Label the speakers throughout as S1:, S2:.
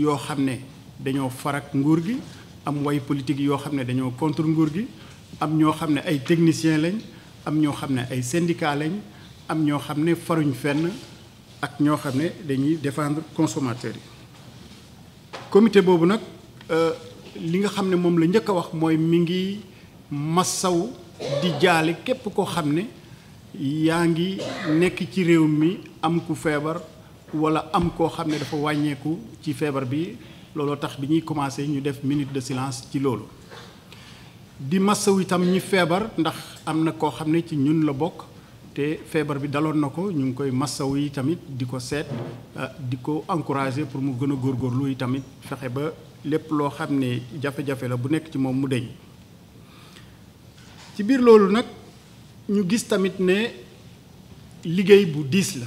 S1: yoo xam ne dañoo farak nguur gi am way politique yoo xam ne dañoo contre nguur gi am ñoo xam ne ay techniciens lañ am ñoo xam ne ay syndicats lañ am ñoo xam ne faruñ fenn ak ñoo xam ne dañuy défendre consommateurs yi. comité boobu nag euh, li nga xam ne moom la njëkk a wax mooy mi ngi massaw di jaale képp koo xam ne yaa ngi nekk ci réew mi am ku feebar. wala am koo xam ne dafa wàññeeku ci feebar bi looloo tax bi ñuy commencé ñu def minute de silence ci loolu di massawu itam ñi feebar ndax am na koo xam ne ci ñun la bokk te feebar bi daloon na ko ñu ngi koy massawu yi tamit di ko seet ah, di ko encourager pour mu gën a góorgóorlu yi tamit fexe ba lépp loo xam ne jafe-jafe la bu nekk ci moom mu deñ ci biir loolu nag ñu gis tamit ne liggéey bu diis la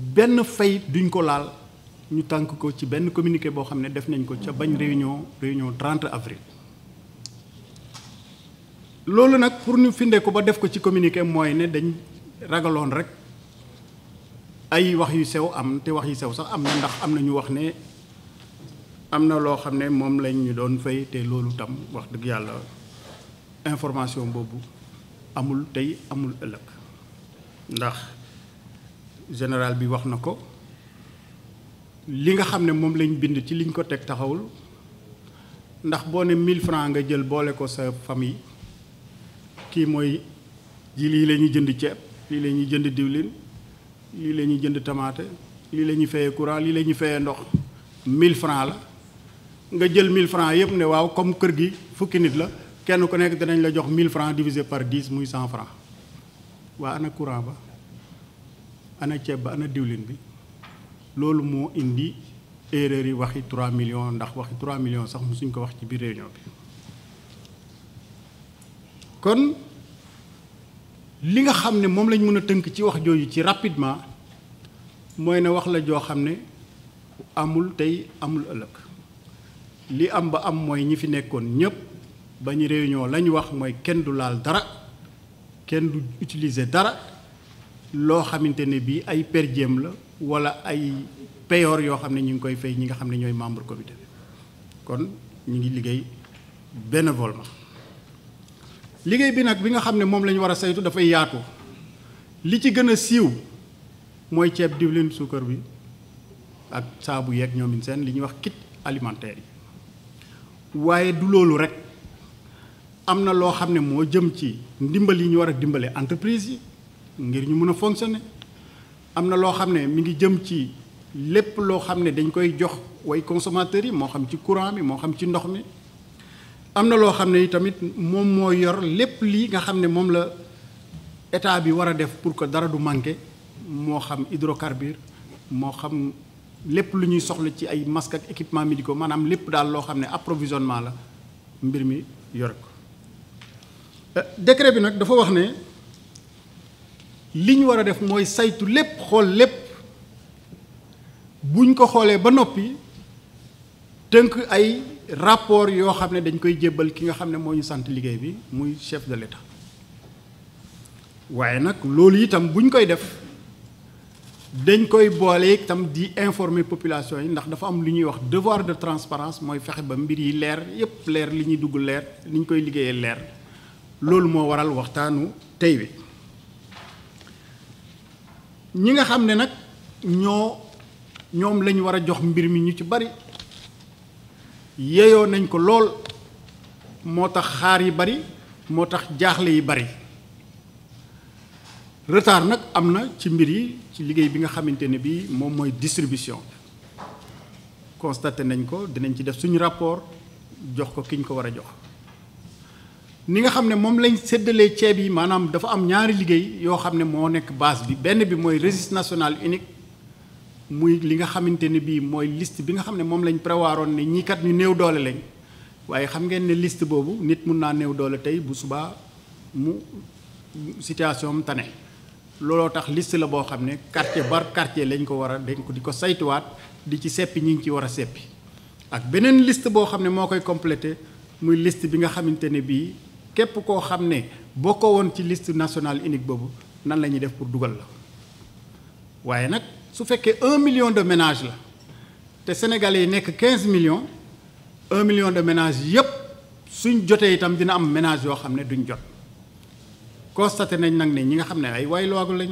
S1: Ben fay duñ ko laal ñu ko ci communiqué boo xam def réunion réunion 30 avril loolu pour ñu finde ko ba def ko ci communiqué mooy ne dañ rek ay wax yu sew am te wax yu sew sax am ndax am am lañ ñu doon fay tam wax amul amul général bi wax na ko li nga xam ne moom lañ bind ci liñ ko taxawul 1000 francs nga jël sa famille kii mooy ji lii la ñuy jënd ceeb lii la ñuy jënd francs nga jël 1000 francs ne comme kër gi nit la kenn francs divisé par 10 muy 100 francs ana courant ana ceeb ba ana diwlin bi loolu moo indi erreur yi waxi 3 millions ndax waxi 3 millions sax mu suñ ko wax ci biir réunion bi kon li nga xam ne moom lañ mën a tënk ci wax jooju ci rapidement mooy ne wax la joo xam ne amul tey amul ëllëg li am ba am mooy ñi fi nekkoon ñëpp ba ñu réunion lañu wax mooy kenn du laal dara kenn du utiliser dara loo xamante ne bii ay per la wala ay payor yoo xam ne ñu ngi koy fay ñi nga xam ne ñooy membre comité kon ñu ngi liggéey bénévolement liggéey bi nag bi nga xam ne moom la war a saytu dafay yaatu li ci gën a siiw mooy ceeb diwlin suukar bi ak saabu yeeg ñoomin seen li ñuy wax kit alimentaire yi waaye du loolu rek am na loo xam ne moo jëm ci ndimbal yi ñu war a dimbale entreprise yi ngir ñu mën a fonctionner am na loo xam ne mi ngi jëm ci lépp loo xam ne dañ koy jox way consommateurs yi moo xam ci courant bi moo xam ci ndox mi am na loo xam ne tamit moom moo yor lépp lii nga xam ne moom la état bi war a def pour que dara du manqué moo xam hydrocarbure moo xam lépp lu ñuy soxla ci ay masque ak équipement médicaux maanaam lépp daal loo xam ne approvisionnement la mbir mi yor ko euh, décret bi nag dafa wax ne li ñu war a def mooy saytu lépp xool lépp buñ ko xoolee ba noppi tënk ay rapport yoo xam ne dañ koy jébbal ki nga xam ne moo ñu sant liggéey bi muy chef de l'État waaye nag loolu itam buñ koy def dañ koy boole itam di informer population yi ndax dafa am lu ñuy wax devoir de transparence mooy fexe ba mbir yi leer yépp leer li ñuy dugg leer li ñu koy liggéeyee leer loolu moo waral waxtaanu tey bi ñi nga xam ne nag ñoo ñoom lañu war a jox mbir mi ñu ci bari yeyoo nañ ko lool moo tax xaar yi bari moo tax jaaxle yi bari retard nag am na ci mbir yi ci liggéey bi nga xamante ne bii moom mooy distribution constaté nañ ko dinañ ci def suñu rapport jox ko ki ñu ko war a jox ni nga xam ne moom lañ séddalee ceeb yi maanaam dafa am ñaari liggéey yoo xam ne moo nekk base bi benn bi mooy registre national unique muy li nga xamante ne bii mooy liste bi nga xam ne moom lañ prévoiroon ne ñii kat ñu néew doole lañ waaye xam ngeen ne list boobu nit mun naa néew doole tey bu subaa mu situation am tane looloo tax liste la boo xam ne quartier bar quartier lañ ko war a dañ ko di ko saytuwaat di ci seppi ñi ngi ci war a seppi ak beneen liste boo xam ne moo koy complété muy liste bi nga xamante ne bii. képp koo xam ne boo bokkoo woon ci liste national unique boobu nan la ñuy def pour dugal la waaye nag su fekkee un million de ménage la te sénégalais yi nekk quinze million un million de ménages yépp suñ jotee itam dina am ménage yoo xam ne duñ jot constaté nañ nag ne ñi nga xam ne ay way lañ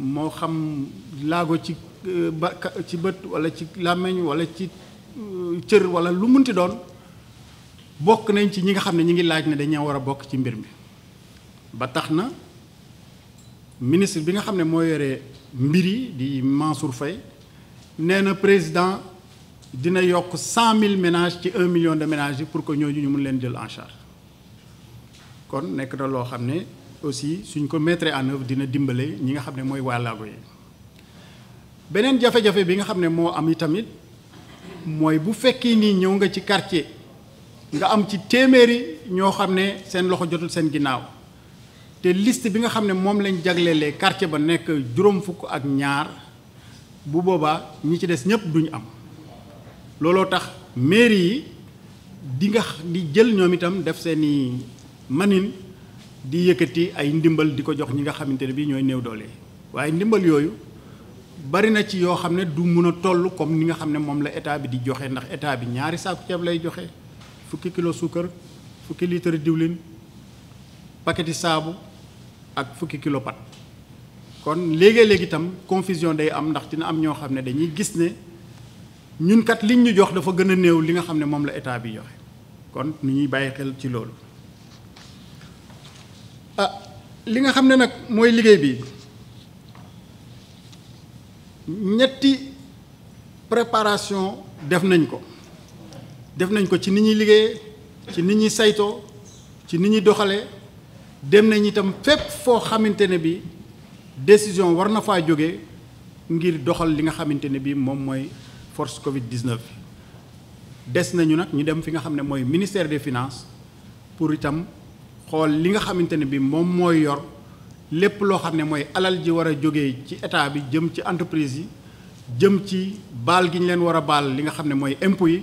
S1: moo xam laago ci euh, ba ci bët wala ci làmmiñ wala ci euh, cër wala lu munti doon Bok nañ ci ñi nga xam ñi ngi laaj ne dañu wara bok ci mbir mi ba taxna ministre bi nga xam mo yoré mbiri di Mansour Faye néna na président dina yok 100000 ménages ci 1 million de ménages pour que ñoo ñu mun leen jël en charge kon nek na lo xam aussi suñ ko mettre en œuvre dina dimbale ñi nga xam moy mooy wàllaago yi beneen jafé jafe bi nga xam mo moo am i tamit bu fekké ni ñew nga ci quartier. nga am ci téeméeri ñoo xam ne seen loxo jotul seen ginnaaw te liste bi nga xam ne moom lañ jaglelee quartier ba nekk juróom fukk ak ñaar bu boobaa ñi ci des ñëpp duñ am looloo tax mairie yi di nga jël ñoom itam def seeni manin di yëkkati ay ndimbal di ko jox ñi nga xamante ne bii ñooy néew doole waaye ndimbal yooyu bari na ci yoo xam ne du mun a toll comme ni nga xam ne moom la état bi di joxe ndax état bi ñaari saaku ceeb lay joxe. fukki kilo suukar fukki litre diwlin paqueti saabu ak fukki kilo pat kon léegi légui tam confusion day am ndax dina am ño xamné dañuy gis né ñun kat liñ ñu jox dafa gëna neew li nga xamné mom la état bi joxe kon nu ñuy bàyyi xel ci lool ah li nga xamné nak moy mooy liggéey bi ñetti préparation def nañ ko def nañ ko ci ni ñi liggéeyee ci ni ñi sayto ci ni ñi doxalee dem nañ itam fépp foo xamante bi décision war na faa jóge ngir doxal li nga xamante bi moom mooy force Covid 19. des nañu nag ñu dem fi nga xam ne mooy ministère des finances pour itam xool li nga xamante ne bi moom mooy yor lépp loo xam ne mooy alal ji war a jógee ci état bi jëm ci entreprise yi jëm ci baal gi ñu leen war li nga xam ne mooy yi.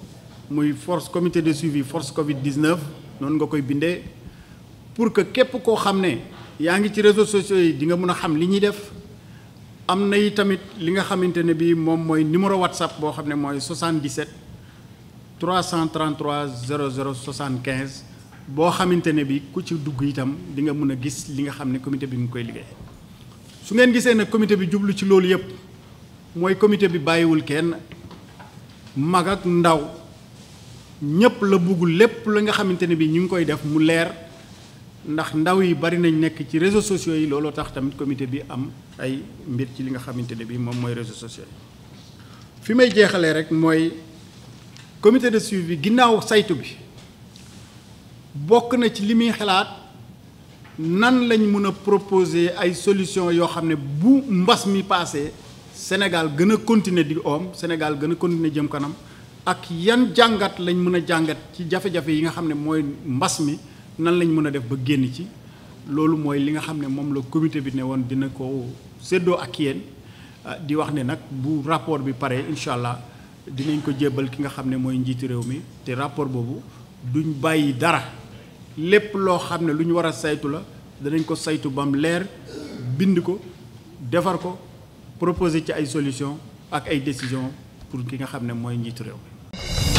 S1: muy force comité de suivi force Covid 19 noonu nga koy bindee pour que képp koo xam ne yaa ngi ci réseaux sociaux yi di nga mën a xam li ñuy def am na yi tamit li nga xamante ne bii moom mooy numéro WhatsApp boo xam ne mooy 77 333 00 75 boo xamante ne bii ku ci dugg itam di nga mën a gis li nga xam ne comité bi mu koy liggéey su ngeen gisee nag comité bi jublu ci loolu yëpp mooy comité bi bàyyiwul kenn mag ak ndaw. ñëpp la bugg lépp la nga xamante ne bi ñu ngi koy def mu leer ndax ndaw yi bari nañ nekk ci réseaux sociaux yi looloo tax tamit comité bi am ay mbir ci li nga xamante ne bi moom mooy réseau sociaux yi fi may jeexalee rek mooy comité de suivi ginnaaw saytu bi bokk na ci li muy xalaat nan lañ mun a proposer ay solution yoo xam ne bu mbas mi passé Sénégal gën a continuer di om Sénégal gën a continuer jëm kanam ak yan jàngat lañ mën a jàngat ci jafe-jafe yi nga xam ne mooy mbas mi nan lañ mën a def ba génn ci loolu mooy li nga xam ne moom la comité bi ne woon dina ko séddoo ak yéen ah, di wax ne nag bu rapport bi paree incha allah dinañ ko jébbal ki nga xam ne mooy njiitu réew mi te rapport boobu duñ bàyyi dara lépp loo xam ne lu ñu war a saytu la danañ ko saytu bam leer bind ko defar ko proposer ci ay solution ak ay décision pour ki nga xam ne mooy njiitu réew mi